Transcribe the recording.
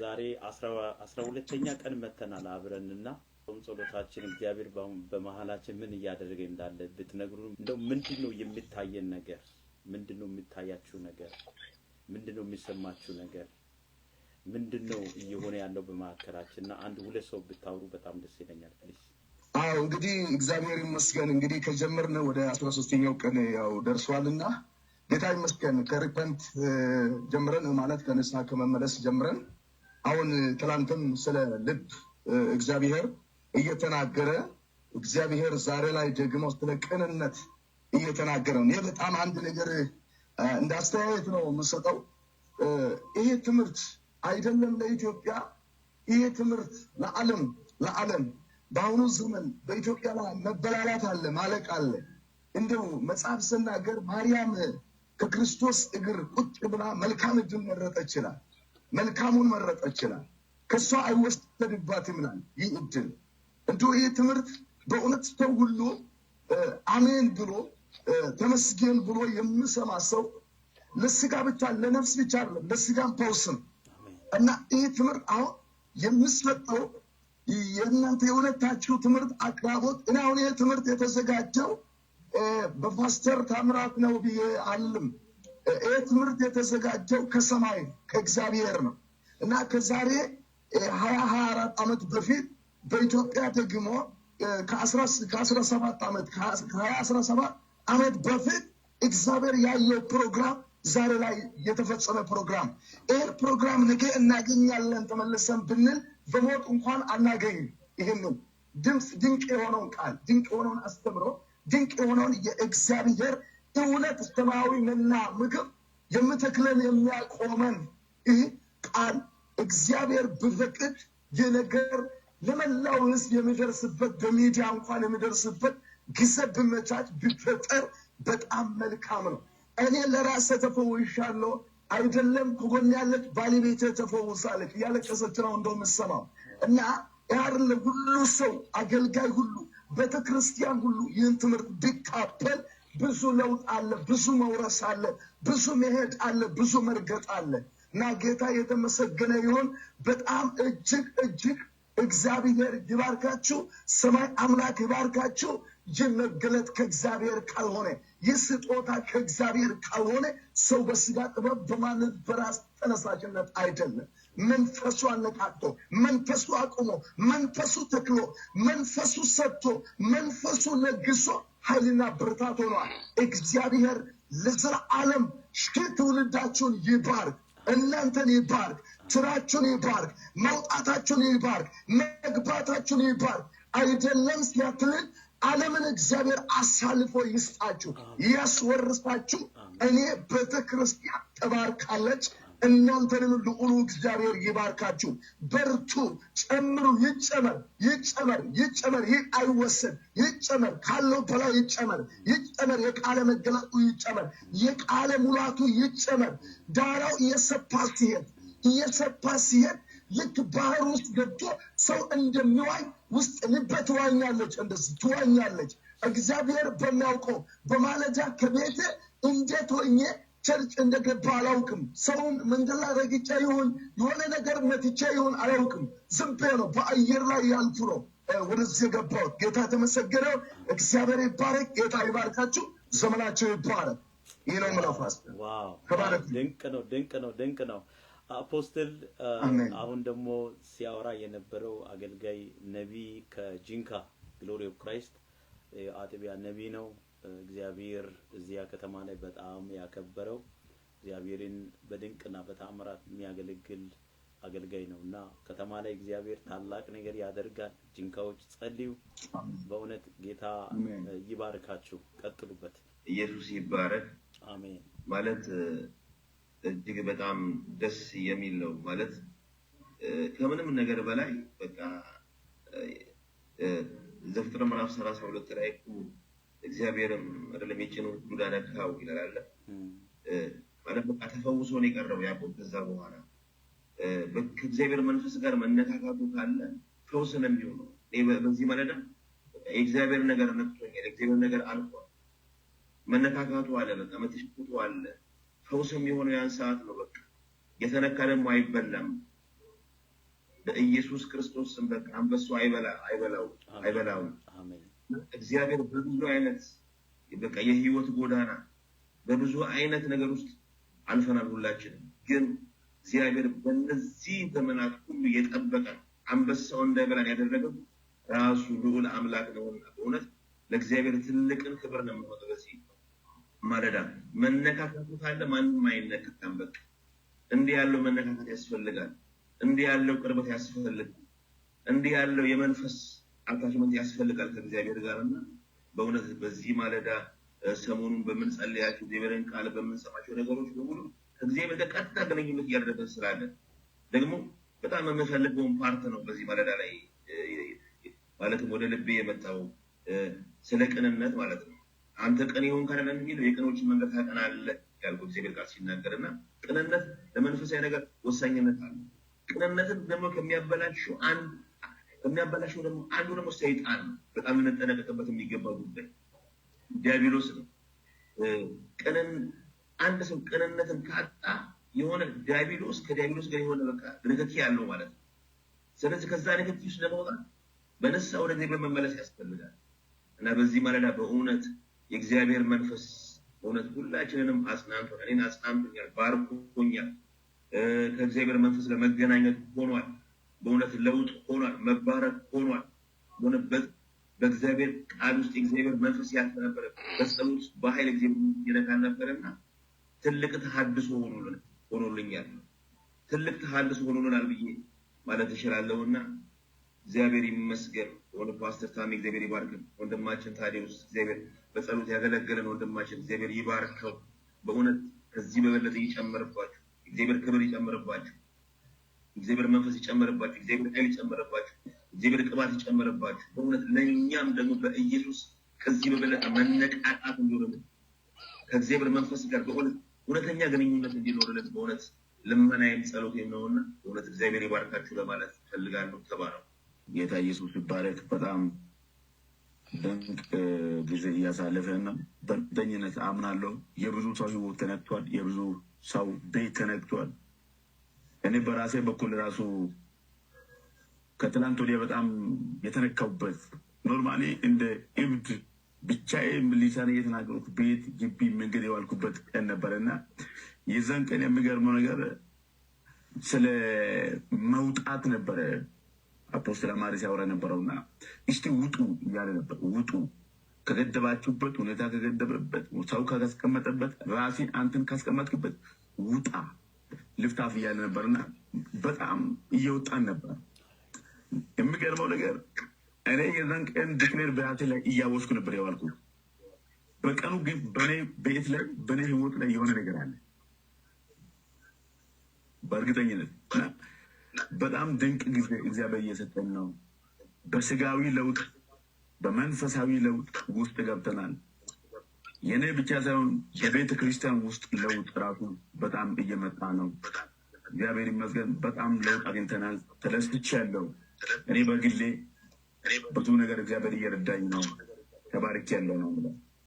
ዛሬ አስራ ሁለተኛ ቀን መተናል አብረንና ጾም ጸሎታችን እግዚአብሔር በመሀላችን ምን እያደረገ እንዳለ ብትነግሩን፣ እንደው ምንድን ነው የሚታየን ነገር? ምንድን ነው የሚታያችሁ ነገር? ምንድን ነው የሚሰማችሁ ነገር? ምንድን ነው እየሆነ ያለው በመካከላችን? እና አንድ ሁለት ሰው ብታወሩ በጣም ደስ ይለኛል። ፕሊስ። አዎ እንግዲህ እግዚአብሔር ይመስገን እንግዲህ ከጀመርነ ወደ አስራ ሶስተኛው ቀን ያው ደርሷልና ጌታ ይመስገን ከሪፐንት ጀምረን ማለት ከንስሐ ከመመለስ ጀምረን አሁን ትላንትም ስለ ልብ እግዚአብሔር እየተናገረ እግዚአብሔር ዛሬ ላይ ደግሞ ስለ ቅንነት እየተናገረ ነው። ይህ በጣም አንድ ነገር እንደ አስተያየት ነው የምሰጠው። ይሄ ትምህርት አይደለም ለኢትዮጵያ፣ ይሄ ትምህርት ለዓለም ለዓለም በአሁኑ ዘመን በኢትዮጵያ ላይ መበላላት አለ፣ ማለቅ አለ። እንደው መጽሐፍ ስናገር ማርያም ከክርስቶስ እግር ቁጭ ብላ መልካም እድል መረጠችላል። መልካሙን መረጠችላል። ከእሷ አይወሰድባት ናል ይህ እድል እንዲሁ ይህ ትምህርት በእውነት ሰው ሁሉ አሜን ብሎ ተመስገን ብሎ የምሰማ ሰው ለስጋ ብቻ ለነፍስ ብቻ አይደለም ለስጋም ፈውስም እና ይህ ትምህርት አሁን የምሰጠው የእናንተ የሁለታችሁ ትምህርት አቅራቦት እኔ አሁን ይህ ትምህርት የተዘጋጀው በፓስተር ታምራት ነው ብዬ አልልም። ይህ ትምህርት የተዘጋጀው ከሰማይ ከእግዚአብሔር ነው እና ከዛሬ ሀያ ሀያ አራት ዓመት በፊት በኢትዮጵያ ደግሞ ከአስራ ሰባት ዓመት ከሀያ አስራ ሰባት ዓመት በፊት እግዚአብሔር ያየው ፕሮግራም ዛሬ ላይ የተፈጸመ ፕሮግራም። ይህ ፕሮግራም ነገ እናገኛለን ተመለሰን ብንል በሞት እንኳን አናገኝም። ይህንን ድምፅ ድንቅ የሆነውን ቃል ድንቅ የሆነውን አስተምሮ ድንቅ የሆነውን የእግዚአብሔር እውነት ሰማያዊ መና ምግብ የምትክለን የሚያቆመን ይህ ቃል እግዚአብሔር ብፈቅድ የነገር ለመላው ሕዝብ የሚደርስበት በሚዲያ እንኳን የሚደርስበት ጊዜ ብመቻች ቢፈጠር በጣም መልካም ነው። እኔ ለራሴ ተፈውሻለሁ አይደለም ከጎን ያለች ባለቤቴ ተፈውሳለች እያለቀሰች ነው እንደምሰማው እና ያርለ ሁሉ ሰው አገልጋይ ሁሉ ቤተክርስቲያን ሁሉ ይህን ትምህርት ቢቃበል ብዙ ለውጥ አለ፣ ብዙ መውረስ አለ፣ ብዙ መሄድ አለ፣ ብዙ መርገጥ አለ እና ጌታ የተመሰገነ ይሁን። በጣም እጅግ እጅግ እግዚአብሔር ይባርካችሁ። ሰማይ አምላክ ይባርካችሁ። ይህ መገለጥ ከእግዚአብሔር ካልሆነ፣ ይህ ስጦታ ከእግዚአብሔር ካልሆነ ሰው በስጋ ጥበብ በማንም በራስ ተነሳሽነት አይደለም። መንፈሱ አነቃቅቶ መንፈሱ አቁሞ መንፈሱ ተክሎ መንፈሱ ሰጥቶ መንፈሱ ነግሶ ኃይልና ብርታት ሆኗል። እግዚአብሔር ለዘላለም ሺህ ትውልዳችሁን ይባርክ፣ እናንተን ይባርክ፣ ስራችሁን ይባርክ፣ መውጣታችሁን ይባርክ፣ መግባታችሁን ይባርክ። አይደለም ሲያትልን ዓለምን እግዚአብሔር አሳልፎ ይስጣችሁ፣ ያስወርሳችሁ። እኔ ቤተክርስቲያን ተባርካለች። እናንተንም ልዑሉ እግዚአብሔር ይባርካችሁ። በርቱ፣ ጨምሩ፣ ይጨመር፣ ይጨመር፣ ይጨመር። ይህ አይወሰድ፣ ይጨመር፣ ካለው በላይ ይጨመር፣ ይጨመር። የቃለ መገለጡ ይጨመር፣ የቃለ ሙላቱ ይጨመር። ዳራው እየሰፋ ሲሄድ እየሰፋ ሲሄድ ልክ ባህር ውስጥ ገብቶ ሰው እንደሚዋኝ ውስጥ ልበ ትዋኛለች፣ እንደዚህ ትዋኛለች። እግዚአብሔር በሚያውቀው በማለዳ ከቤት እንዴት ሆኜ ቸርች እንደገባ አላውቅም። ሰውን መንገድ ላይ ረግጫ ይሁን የሆነ ነገር መትቻ ይሁን አላውቅም። ዝም ነው በአየር ላይ ያልፉ ነው ወደዚህ የገባው። ጌታ ተመሰገነ። እግዚአብሔር ይባረክ። ጌታ ይባርካችሁ። ዘመናቸው ይባረክ። ይህ ነው ምለፋስ ድንቅ ነው፣ ድንቅ ነው፣ ድንቅ ነው። አፖስትል አሁን ደግሞ ሲያወራ የነበረው አገልጋይ ነቢይ ከጂንካ ግሎሪ ኦፍ ክራይስት አጥቢያ ነቢይ ነው። እግዚአብሔር እዚያ ከተማ ላይ በጣም ያከበረው እግዚአብሔርን በድንቅና በታምራት የሚያገለግል አገልጋይ ነው እና ከተማ ላይ እግዚአብሔር ታላቅ ነገር ያደርጋል። ጅንካዎች ጸልዩ። በእውነት ጌታ ይባርካችሁ፣ ቀጥሉበት። ኢየሱስ ይባረክ። አሜን። ማለት እጅግ በጣም ደስ የሚል ነው። ማለት ከምንም ነገር በላይ በቃ ዘፍጥረት ምዕራፍ ሰላሳ ሁለት ላይ እግዚአብሔርም አይደለም የጭኑ ዱዳ ነካው ይላል ማለት በቃ ተፈውሶ ነው የቀረው ያዕቆብ። ከዛ በኋላ ከእግዚአብሔር መንፈስ ጋር መነካካቱ ካለ ፈውስ ነው የሚሆነው። በዚህ ማለዳ የእግዚአብሔር ነገር ነክቶኛል፣ የእግዚአብሔር ነገር አልፏል። መነካካቱ አለ፣ በቃ መተሽቁጡ አለ። ፈውስ የሚሆነው ያን ሰዓት ነው። በቃ የተነካ ደግሞ አይበላም። በኢየሱስ ክርስቶስም በቃ አንበሱ አይበላው አይበላው እግዚአብሔር በብዙ አይነት በቃ የህይወት ጎዳና በብዙ አይነት ነገር ውስጥ አልፈናል ሁላችንም። ግን እግዚአብሔር በነዚህ ዘመናት ሁሉ የጠበቀ አንበሳው እንዳይበላን ያደረገው ራሱ ልዑል አምላክ ነውና በእውነት ለእግዚአብሔር ትልቅን ክብር ነው የምንወጠው። በዚህ ማለዳ መነካከቱ ካለ ማንም አይነካካም። በቃ እንዲህ ያለው መነካከት ያስፈልጋል። እንዲህ ያለው ቅርበት ያስፈልጋል። እንዲህ ያለው የመንፈስ አታችመንት ያስፈልጋል ከእግዚአብሔር ጋር እና በእውነት በዚህ ማለዳ ሰሞኑን በምንጸልያቸው እግዚአብሔርን ቃል በምንሰማቸው ነገሮች በሙሉ ከእግዚአብሔር ጋር ቀጥታ ግንኙነት እያደረገን ስላለ ደግሞ በጣም የምፈልገውን ፓርት ነው በዚህ ማለዳ ላይ ማለትም ወደ ልቤ የመጣው ስለ ቅንነት ማለት ነው። አንተ ቅን የሆን ካለ የሚለው የቅኖችን መንገድ ታቀናለህ ያልኩት እግዚአብሔር ቃል ሲናገር እና ቅንነት ለመንፈሳዊ ነገር ወሳኝነት አለ። ቅንነትን ደግሞ ከሚያበላሹ አንድ የሚያበላሸው ደግሞ አንዱ ደግሞ ሰይጣን ነው። በጣም ልንጠነቀቅበት የሚገባ ጉዳይ ዲያብሎስ ነው። ቅንን አንድ ሰው ቅንነትን ካጣ የሆነ ዲያብሎስ ከዲያብሎስ ጋር የሆነ በቃ ንክኪ ያለው ማለት ነው። ስለዚህ ከዛ ንክኪ ውስጥ ለመውጣት በነሳ ወደ እግዚአብሔር መመለስ ያስፈልጋል እና በዚህ ማለዳ በእውነት የእግዚአብሔር መንፈስ እውነት ሁላችንንም አጽናንቶ እኔን አጽናንቶኛል፣ ባርኮኛል። ከእግዚአብሔር መንፈስ ለመገናኘት ሆኗል። በእውነት ለውጥ ሆኗል፣ መባረክ ሆኗል። በእውነት በእግዚአብሔር ቃል ውስጥ የእግዚአብሔር መንፈስ ያልፍ ነበረ። በጸሎት ውስጥ በኃይል እግዚአብሔር ይነካ ነበረና ትልቅ ተሀድሶ ሆኖልኛል፣ ትልቅ ተሀድሶ ሆኖልናል ብዬ ማለት እችላለሁና እግዚአብሔር ይመስገን። ወደ ፓስተር ታሚ እግዚአብሔር ይባርክ። ወንድማችን ታዲዮስ እግዚአብሔር በጸሎት ያገለገለን ወንድማችን እግዚአብሔር ይባርከው። በእውነት ከዚህ በበለጠ ይጨምርባችሁ፣ እግዚአብሔር ክብር ይጨምርባችሁ። እግዚአብሔር መንፈስ ይጨመረባችሁ፣ እግዚአብሔር ኃይል ይጨመረባችሁ፣ እግዚአብሔር ቅባት ይጨመረባችሁ። በእውነት ለእኛም ደግሞ በኢየሱስ ከዚህ በበለጠ መነቃቃት እንዲሆነ ከእግዚአብሔር መንፈስ ጋር በእውነት እውነተኛ ግንኙነት እንዲኖርልን በእውነት ልመናዬም ጸሎቴም ነውና በእውነት እግዚአብሔር ይባርካችሁ ለማለት ፈልጋለሁ። ተባረው። ጌታ ኢየሱስ ይባረክ። በጣም ድንቅ ጊዜ እያሳለፈን ነው። በእርግጠኝነት አምናለሁ የብዙ ሰው ህይወት ተነክቷል። የብዙ ሰው ቤት ተነክቷል። እኔ በራሴ በኩል ራሱ ከትላንት ወዲያ በጣም የተነካውበት ኖርማሊ እንደ እብድ ብቻዬ ልሳኔ እየተናገርኩ ቤት ግቢ መንገድ የዋልኩበት ቀን ነበረ እና የዛን ቀን የሚገርመው ነገር ስለ መውጣት ነበረ። አፖስትል አማሪ ሲያወራ እና እስቲ ውጡ እያለ ነበር። ውጡ ከገደባችሁበት ሁኔታ ከገደበበት ሰው ካስቀመጠበት ራሴን አንተን ካስቀመጥክበት ውጣ ልፍታፍ እያለ ነበር እና በጣም እየወጣን ነበር። የሚገርመው ነገር እኔ የዛን ቀን ዲክሽነሪ በራሴ ላይ እያወስኩ ነበር የዋልኩ። በቀኑ ግን በእኔ ቤት ላይ በእኔ ህይወት ላይ የሆነ ነገር አለ በእርግጠኝነት በጣም ድንቅ ጊዜ እግዚአብሔር እየሰጠን ነው። በስጋዊ ለውጥ፣ በመንፈሳዊ ለውጥ ውስጥ ገብተናል። የእኔ ብቻ ሳይሆን የቤተክርስቲያን ክርስቲያን ውስጥ ለውጥ ራሱ በጣም እየመጣ ነው። እግዚአብሔር ይመስገን በጣም ለውጥ አግኝተናል። ያለው እኔ በግሌ ብዙ ነገር እግዚአብሔር እየረዳኝ ነው። ተባርኬያለሁ ነው